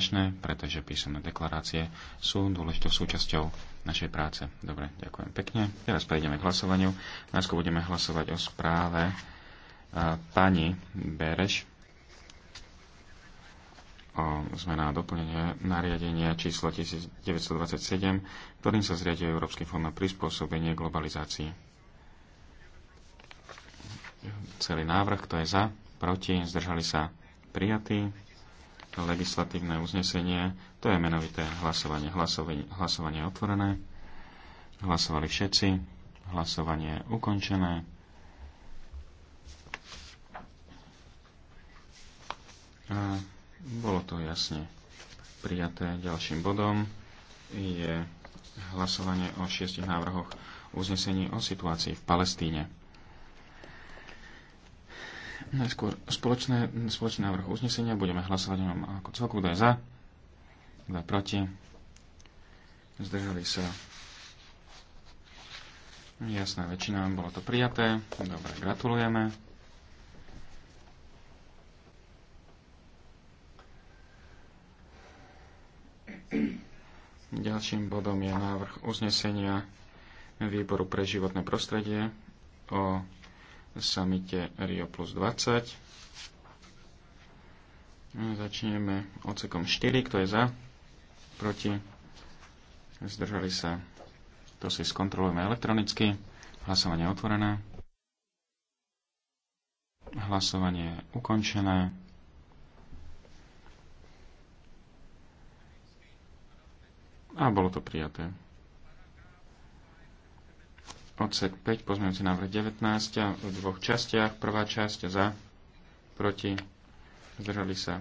značné, pretože písomné deklarácie sú dôležitou súčasťou našej práce. Dobre, ďakujem pekne. Teraz prejdeme k hlasovaniu. Najskôr budeme hlasovať o správe pani Bereš o zmena a doplnenie nariadenia číslo 1927, ktorým sa zriaduje Európsky fond na prispôsobenie globalizácii. Celý návrh, kto je za, proti, zdržali sa, prijatý legislatívne uznesenie. To je menovité hlasovanie. Hlasovanie, hlasovanie otvorené. Hlasovali všetci. Hlasovanie ukončené. A bolo to jasne prijaté ďalším bodom je hlasovanie o šiestich návrhoch uznesení o situácii v Palestíne. Najskôr spoločné, spoločné návrh uznesenia. Budeme hlasovať o ňom ako celku. Kto je za? Kto je proti? Zdržali sa. Jasná väčšina. Bolo to prijaté. Dobre, gratulujeme. Ďalším bodom je návrh uznesenia výboru pre životné prostredie o samite Rio plus 20. Začneme ocekom 4, kto je za, proti, zdržali sa. To si skontrolujeme elektronicky. Hlasovanie je otvorené. Hlasovanie je ukončené. A bolo to prijaté odsek 5, pozmeňujúci návrh 19 v dvoch častiach. Prvá časť za, proti, zdržali sa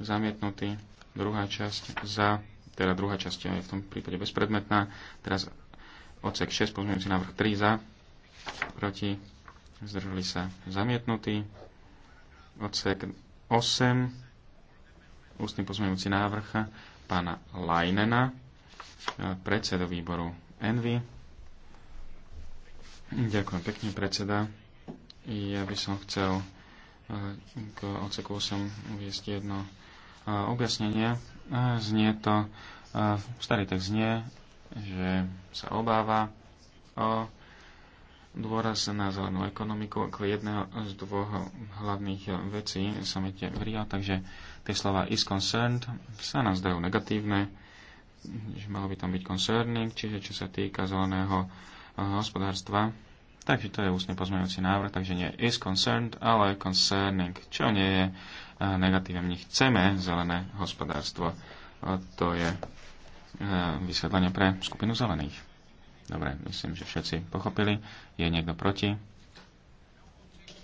zamietnutí. Druhá časť za, teda druhá časť je v tom prípade bezpredmetná. Teraz odsek 6, pozmeňujúci návrh 3 za, proti, zdržali sa zamietnutí. Odsek 8, ústny pozmeňujúci návrh pána Lajnena, predsedu výboru Envy Ďakujem pekne, predseda. Ja by som chcel e, k oceku 8 uviesť jedno e, objasnenie. E, znie to, starý text znie, že sa obáva o dôraz na zelenú ekonomiku ako jedného z dvoch hlavných vecí mi v Rio, takže tie slova is concerned sa nás dajú negatívne, že malo by tam byť concerning, čiže čo sa týka zeleného hospodárstva. Takže to je ústne pozmeňujúci návrh, takže nie is concerned, ale concerning, čo nie je e, negatívem, My chceme zelené hospodárstvo. A to je e, vysvetlenie pre skupinu zelených. Dobre, myslím, že všetci pochopili. Je niekto proti?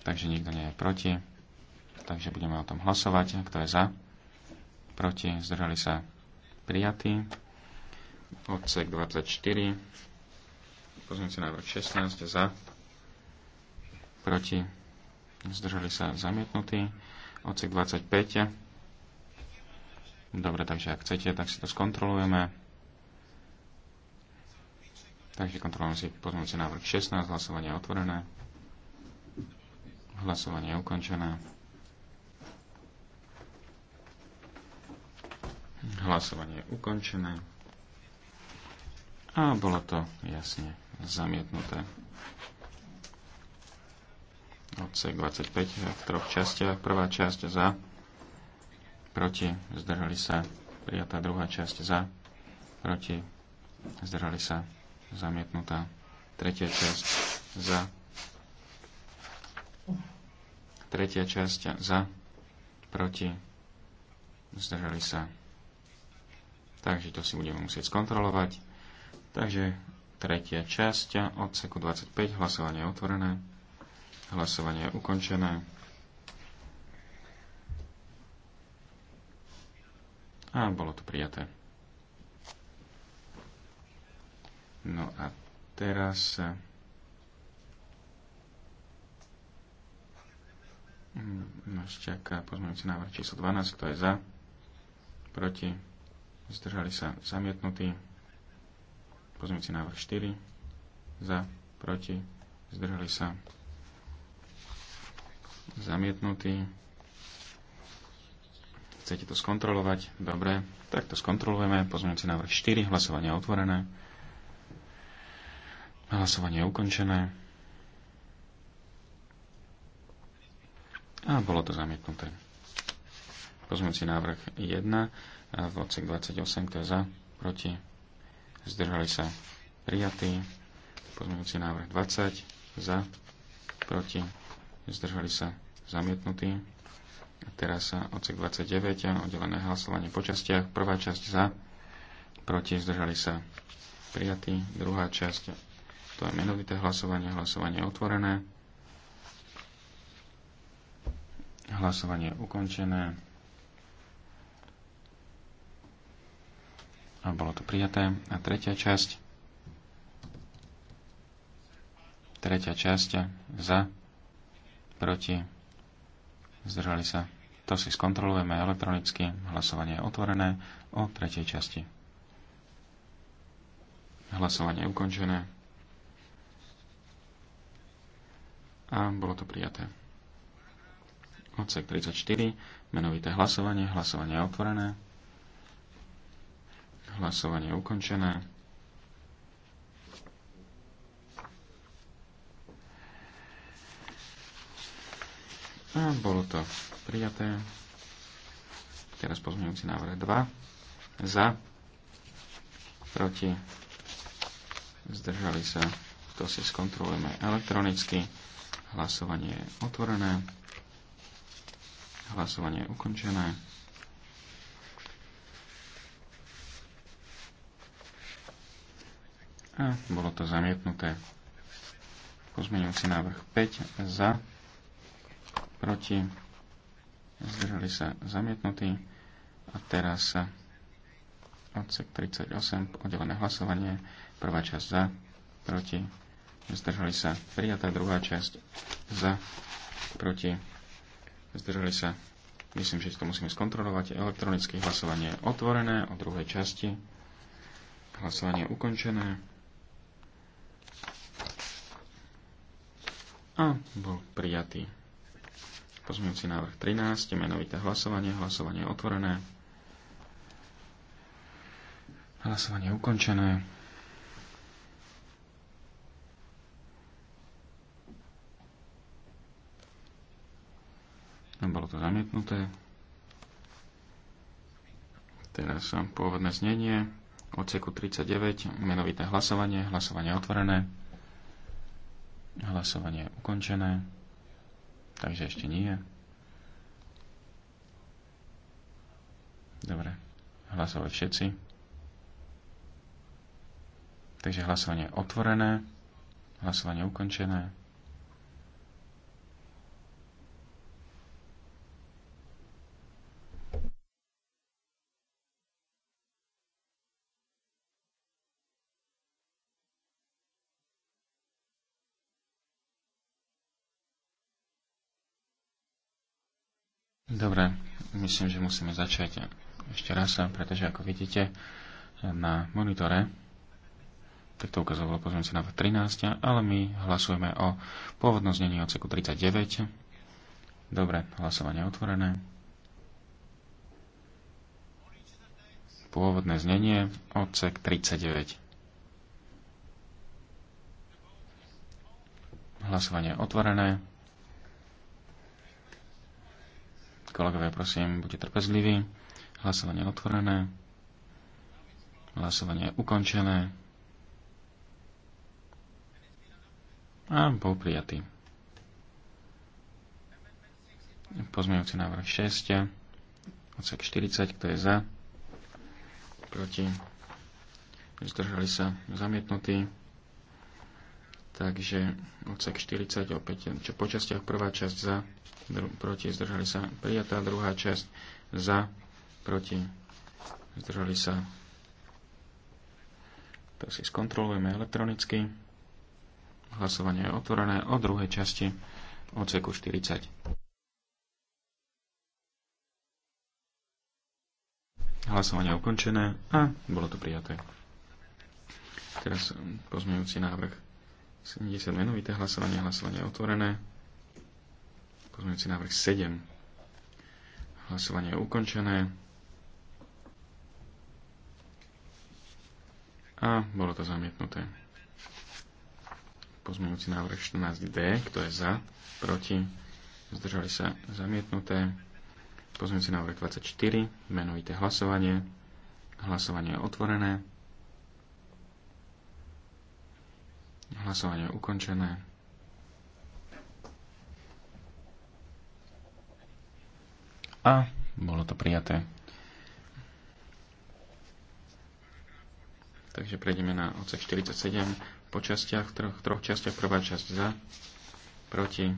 Takže nikto nie je proti. Takže budeme o tom hlasovať. Kto je za? Proti? Zdržali sa prijatí. Odsek 24. Pozmeňujúci návrh 16 za, proti, zdržali sa zamietnutí. Odsek 25. Dobre, takže ak chcete, tak si to skontrolujeme. Takže kontrolujeme si pozmeňujúci návrh 16, hlasovanie je otvorené. Hlasovanie je ukončené. Hlasovanie je ukončené. A bolo to jasne zamietnuté. Odsek 25 v troch častiach. Prvá časť za, proti, zdržali sa, prijatá druhá časť za, proti, zdržali sa, zamietnutá. Tretia časť za, tretia časť za, proti, zdržali sa. Takže to si budeme musieť skontrolovať. Takže Tretia časť odseku 25. Hlasovanie je otvorené. Hlasovanie je ukončené. A bolo to prijaté. No a teraz mm, nás čaká pozmeňujúci návrh číslo 12, kto je za, proti, zdržali sa zamietnutí. Pozmeňujúci návrh 4. Za, proti, zdržali sa. Zamietnutý. Chcete to skontrolovať? Dobre, tak to skontrolujeme. Pozmeňujúci návrh 4. Hlasovanie otvorené. Hlasovanie je ukončené. A bolo to zamietnuté. Pozmeňujúci návrh 1 v odsek 28, kto je za, proti, zdržali sa prijatí, pozmeňujúci návrh 20 za, proti, zdržali sa zamietnutí. A teraz sa odsek 29, oddelené hlasovanie po častiach, prvá časť za, proti, zdržali sa prijatí, druhá časť, to je menovité hlasovanie, hlasovanie otvorené, hlasovanie ukončené. a bolo to prijaté. A tretia časť, tretia časť za, proti, zdržali sa. To si skontrolujeme elektronicky. Hlasovanie je otvorené o tretej časti. Hlasovanie je ukončené. A bolo to prijaté. Odsek 34, menovité hlasovanie, hlasovanie je otvorené. Hlasovanie ukončené. A bolo to prijaté. Teraz pozmeňujúci návrh 2. Za. Proti. Zdržali sa. To si skontrolujeme elektronicky. Hlasovanie je otvorené. Hlasovanie je ukončené. A bolo to zamietnuté. Pozmeňujúci návrh 5 za, proti, zdržali sa zamietnutí. A teraz odsek 38, oddelené hlasovanie, prvá časť za, proti, zdržali sa prijatá, druhá časť za, proti, zdržali sa. Myslím, že to musíme skontrolovať. Elektronické hlasovanie je otvorené o druhej časti. Hlasovanie ukončené. A bol prijatý. Pozmeňujúci návrh 13, menovité hlasovanie, hlasovanie otvorené. Hlasovanie ukončené. No, bolo to zamietnuté. Teraz pôvodné znenie odseku 39, menovité hlasovanie, hlasovanie otvorené. Hlasovanie je ukončené. Takže ešte nie. Dobre. Hlasovali všetci. Takže hlasovanie je otvorené. Hlasovanie je ukončené. Dobre, myslím, že musíme začať ešte raz, pretože ako vidíte na monitore, tak to ukazovalo pozornosť na 13, ale my hlasujeme o pôvodnom znení odseku 39. Dobre, hlasovanie otvorené. Pôvodné znenie, odsek 39. Hlasovanie otvorené. Kolegovia, prosím, buďte trpezliví. Hlasovanie otvorené. Hlasovanie je ukončené. A bol prijatý. Pozmeňujúci návrh 6. Odsek 40, kto je za? Proti? Zdržali sa zamietnutí. Takže odsek 40 opäť, čo po častiach prvá časť za, dru, proti, zdržali sa prijatá, druhá časť za, proti, zdržali sa. To si skontrolujeme elektronicky. Hlasovanie je otvorené o druhej časti odseku 40. Hlasovanie ukončené a bolo to prijaté. Teraz pozmeňujúci návrh 70 menovité hlasovanie, hlasovanie je otvorené. Pozmeňujúci návrh 7. Hlasovanie je ukončené. A bolo to zamietnuté. Pozmeňujúci návrh 14D, kto je za, proti, zdržali sa zamietnuté. Pozmeňujúci návrh 24, menovité hlasovanie. Hlasovanie je otvorené. Hlasovanie je ukončené. A bolo to prijaté. Takže prejdeme na odsek 47 po častiach, troch, troch častiach. Prvá časť za, proti.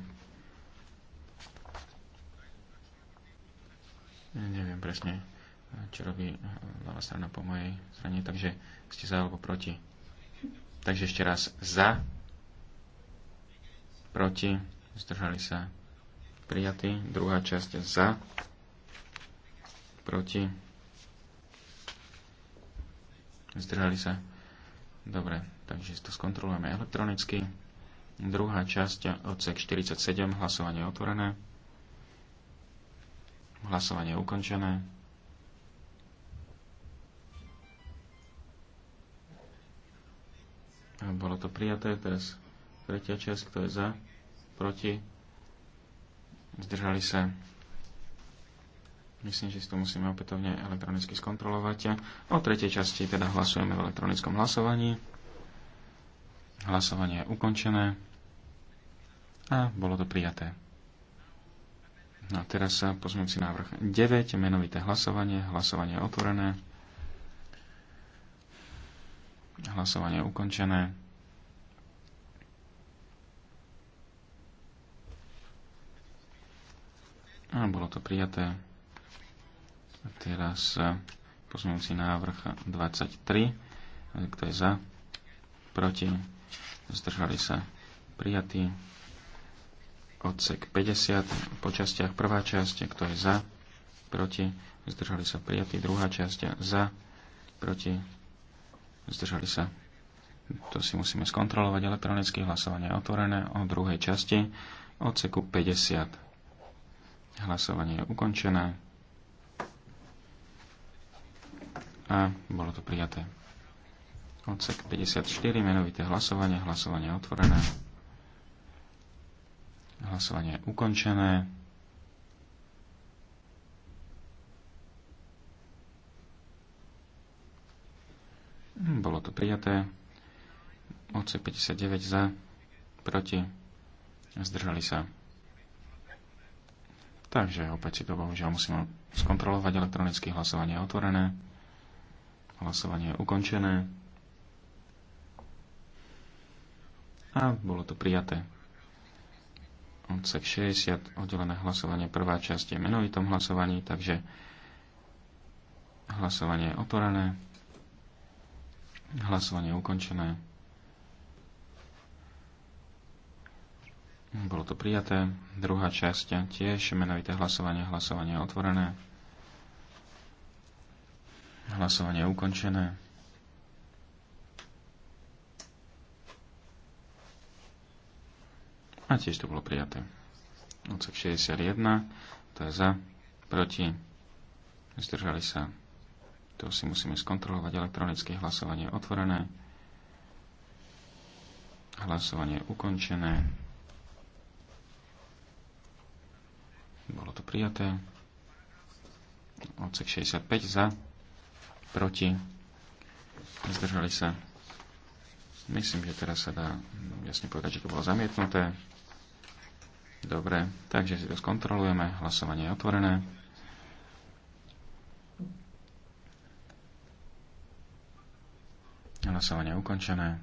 Ja neviem presne, čo robí ľava strana po mojej strane, takže ste za alebo proti. Takže ešte raz za, proti, zdržali sa prijatí. Druhá časť za, proti, zdržali sa. Dobre, takže to skontrolujeme elektronicky. Druhá časť, odsek 47, hlasovanie otvorené. Hlasovanie ukončené. Bolo to prijaté, teraz tretia časť, kto je za, proti, zdržali sa. Myslím, že si to musíme opätovne elektronicky skontrolovať. O tretej časti teda hlasujeme v elektronickom hlasovaní. Hlasovanie je ukončené a bolo to prijaté. No a teraz sa pozmúci návrh 9, menovité hlasovanie, hlasovanie je otvorené. Hlasovanie je ukončené. A bolo to prijaté. A teraz e, pozmeňujúci návrh 23. Kto je za? Proti? Zdržali sa prijatí. Odsek 50 po častiach. Prvá časť, kto je za? Proti? Zdržali sa prijatí. Druhá časť za? Proti? zdržali sa. To si musíme skontrolovať. Elektronické hlasovanie je otvorené o druhej časti odseku 50. Hlasovanie je ukončené. A bolo to prijaté. Odsek 54, menovité hlasovanie, hlasovanie je otvorené. Hlasovanie je ukončené. prijaté. Odsek 59 za, proti, zdržali sa. Takže opäť si to bohužiaľ musíme skontrolovať. Elektronické hlasovanie je otvorené. Hlasovanie je ukončené. A bolo to prijaté. Odsek 60, oddelené hlasovanie, prvá časť je menovitom hlasovaní, takže hlasovanie je otvorené. Hlasovanie je ukončené. Bolo to prijaté. Druhá časť tiež menovité hlasovanie. Hlasovanie je otvorené. Hlasovanie je ukončené. A tiež to bolo prijaté. Odsek 61, to je za, proti, zdržali sa to si musíme skontrolovať elektronické hlasovanie je otvorené. Hlasovanie je ukončené. Bolo to prijaté. Odsek 65 za, proti, zdržali sa. Myslím, že teraz sa dá jasne povedať, že to bolo zamietnuté. Dobre, takže si to skontrolujeme. Hlasovanie je otvorené. Hlasovanie ukončené.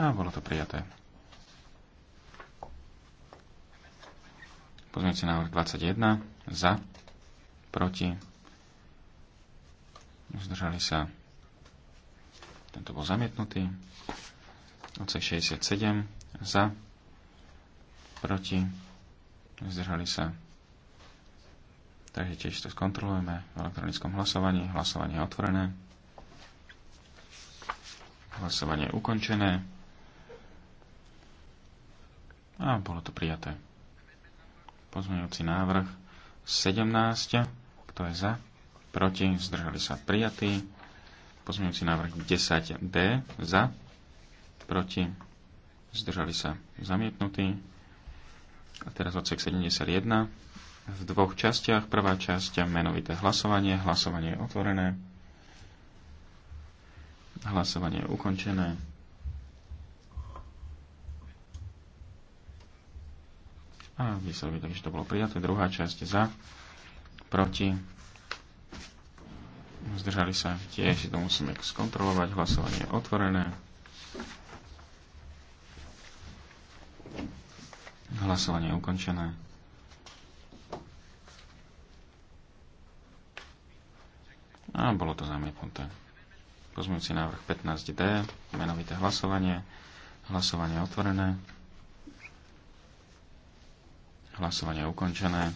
A bolo to prijaté. Pozmeňujúci návrh 21. Za. Proti. Zdržali sa. Tento bol zamietnutý. Odsek 67. Za. Proti. Zdržali sa Takže tiež to skontrolujeme v elektronickom hlasovaní. Hlasovanie je otvorené. Hlasovanie je ukončené. A bolo to prijaté. Pozmeňujúci návrh 17. Kto je za? Proti? Zdržali sa prijatí. Pozmeňujúci návrh 10D. Za? Proti? Zdržali sa zamietnutí. A teraz odsek 71 v dvoch častiach. Prvá časť menovité hlasovanie. Hlasovanie je otvorené. Hlasovanie je ukončené. A vy sa videli, že to bolo prijaté. Druhá časť za, proti. Zdržali sa tiež, to musíme skontrolovať. Hlasovanie je otvorené. Hlasovanie je ukončené. A bolo to zamietnuté. Pozmujúci návrh 15D, menovité hlasovanie. Hlasovanie otvorené. Hlasovanie ukončené.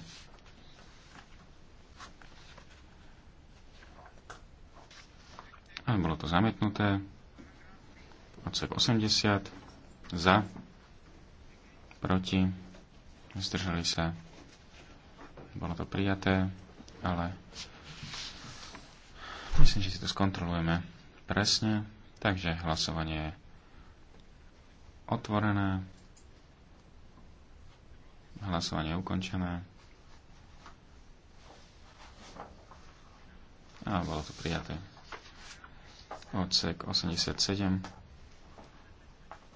A bolo to zamietnuté. Odsek 80. Za. Proti. Zdržali sa. Bolo to prijaté, ale Myslím, že si to skontrolujeme presne. Takže hlasovanie je otvorené. Hlasovanie je ukončené. A bolo to prijaté. Odsek 87.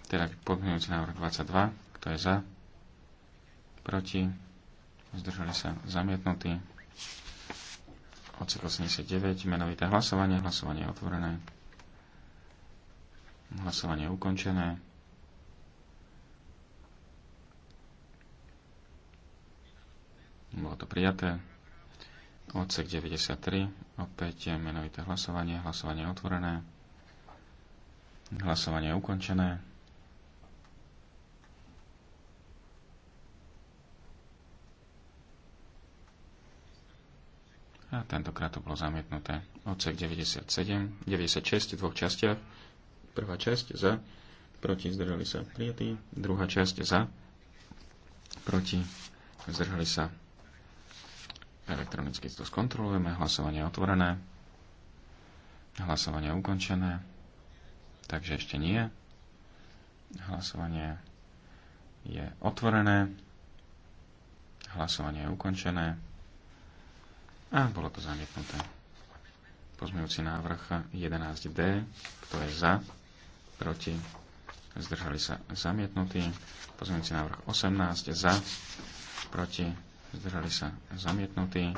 Teda podmienujúci návrh 22. Kto je za? Proti? Zdržali sa zamietnutí odsek 89, menovité hlasovanie, hlasovanie je otvorené, hlasovanie je ukončené. Bolo to prijaté. Odsek 93, opäť je menovité hlasovanie, hlasovanie je otvorené, hlasovanie je ukončené. A tentokrát to bolo zamietnuté. Odsek 97, 96 v dvoch častiach. Prvá časť za, proti zdržali sa prijatí. Druhá časť za, proti zdržali sa Elektronicky to skontrolujeme. Hlasovanie je otvorené. Hlasovanie je ukončené. Takže ešte nie. Hlasovanie je otvorené. Hlasovanie je ukončené. A bolo to zamietnuté. Pozmejúci návrh 11D. Kto je za? Proti? Zdržali sa zamietnutí. Pozmejúci návrh 18 za? Proti? Zdržali sa zamietnutí.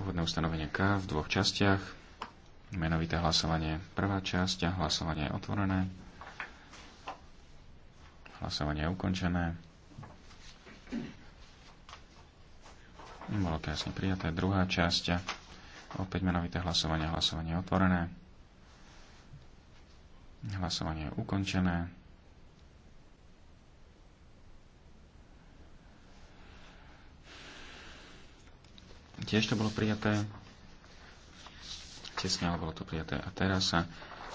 Úvodné ustanovenie K v dvoch častiach. Menovité hlasovanie prvá časť a hlasovanie je otvorené. Hlasovanie je ukončené. Bolo to jasne prijaté. Druhá časť. Opäť menovité hlasovanie. Hlasovanie je otvorené. Hlasovanie je ukončené. Tiež to bolo prijaté. Tesne, ale bolo to prijaté. A teraz sa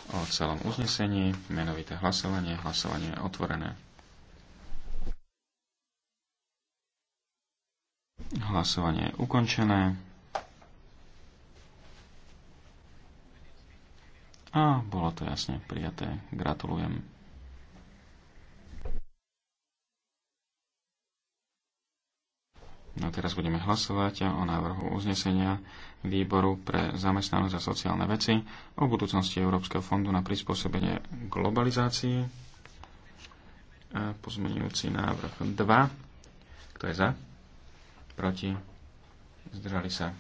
o celom uznesení, menovité hlasovanie, hlasovanie je otvorené. Hlasovanie je ukončené. A bolo to jasne prijaté. Gratulujem. No teraz budeme hlasovať o návrhu uznesenia Výboru pre zamestnanosť a sociálne veci o budúcnosti Európskeho fondu na prispôsobenie globalizácii. A pozmenujúci návrh 2. Kto je za? proti, zdržali sa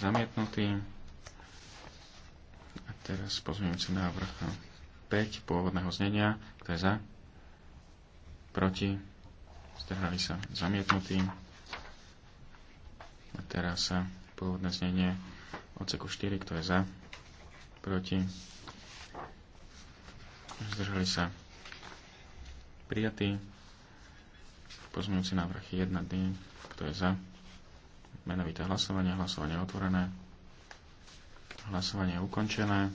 zamietnutí. A teraz pozmeňujúci návrh 5 pôvodného znenia, kto je za, proti, zdržali sa zamietnutí. A teraz sa pôvodné znenie odseku 4, kto je za, proti, zdržali sa prijatí. Pozmeňujúci návrh 1 dní. Kto je za? Menovité hlasovanie. Hlasovanie je otvorené. Hlasovanie je ukončené.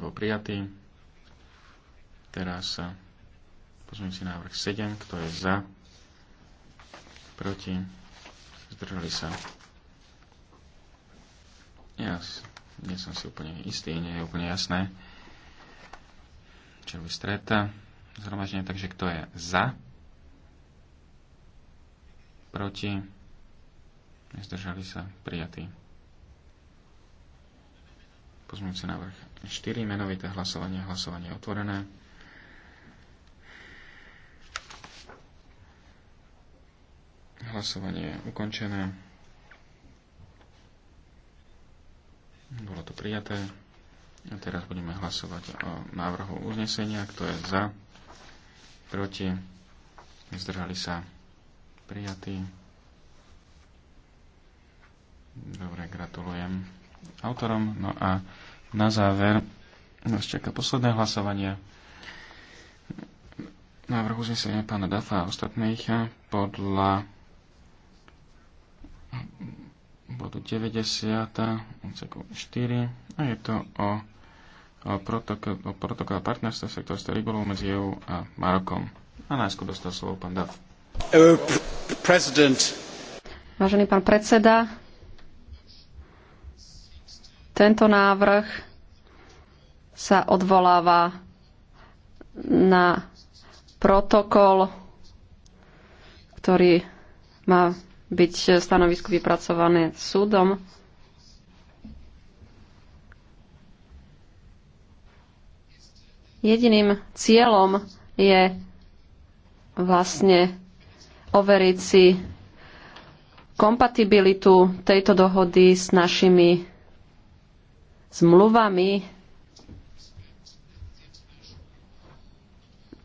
Bol prijatý. Teraz pozmeňujúci návrh 7. Kto je za? Proti? Zdržali sa. Ja nie som si úplne istý, nie je úplne jasné včerový stretá eh, zhromaždenie, takže kto je za, proti, nezdržali sa, prijatí. Pozmúci návrh 4, menovité hlasovanie, hlasovanie otvorené. Hlasovanie je ukončené. Bolo to prijaté. A teraz budeme hlasovať o návrhu uznesenia, kto je za, proti, zdržali sa prijatí. Dobre, gratulujem autorom. No a na záver nás čaká posledné hlasovanie návrh uznesenia pána Dafa a ostatných podľa bodu 90, odseku 4, a je to o, o, protokol, o protokole partnerstva v sektorstve rybolov medzi EU a Marokom. A najskôr dostal slovo pán Dav. E Vážený pán predseda, tento návrh sa odvoláva na protokol, ktorý má byť stanovisko vypracované súdom. Jediným cieľom je vlastne overiť si kompatibilitu tejto dohody s našimi zmluvami,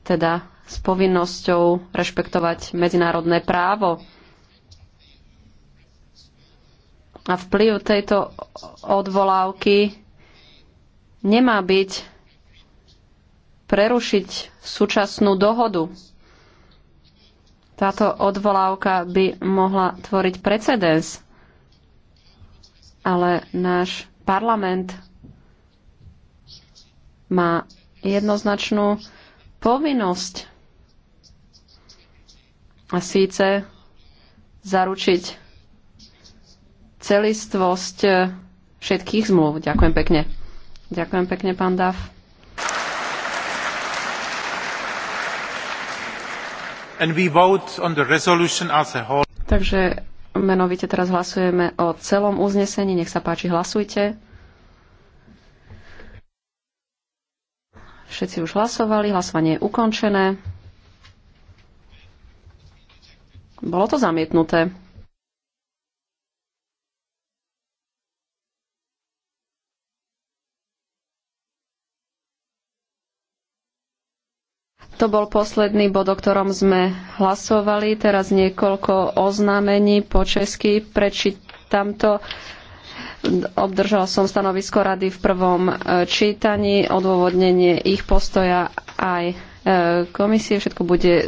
teda s povinnosťou rešpektovať medzinárodné právo. A vplyv tejto odvolávky nemá byť prerušiť súčasnú dohodu. Táto odvolávka by mohla tvoriť precedens, ale náš parlament má jednoznačnú povinnosť a síce zaručiť celistvosť eh, všetkých zmluv. Ďakujem pekne. Ďakujem pekne, pán Dav. And we vote on the resolution as a whole. Takže menovite teraz hlasujeme o celom uznesení. Nech sa páči, hlasujte. Všetci už hlasovali, hlasovanie je ukončené. Bolo to zamietnuté. To bol posledný bod, o ktorom sme hlasovali. Teraz niekoľko oznámení po česky. Prečítam to. Obdržal som stanovisko rady v prvom e, čítaní, odôvodnenie ich postoja aj e, komisie. Všetko bude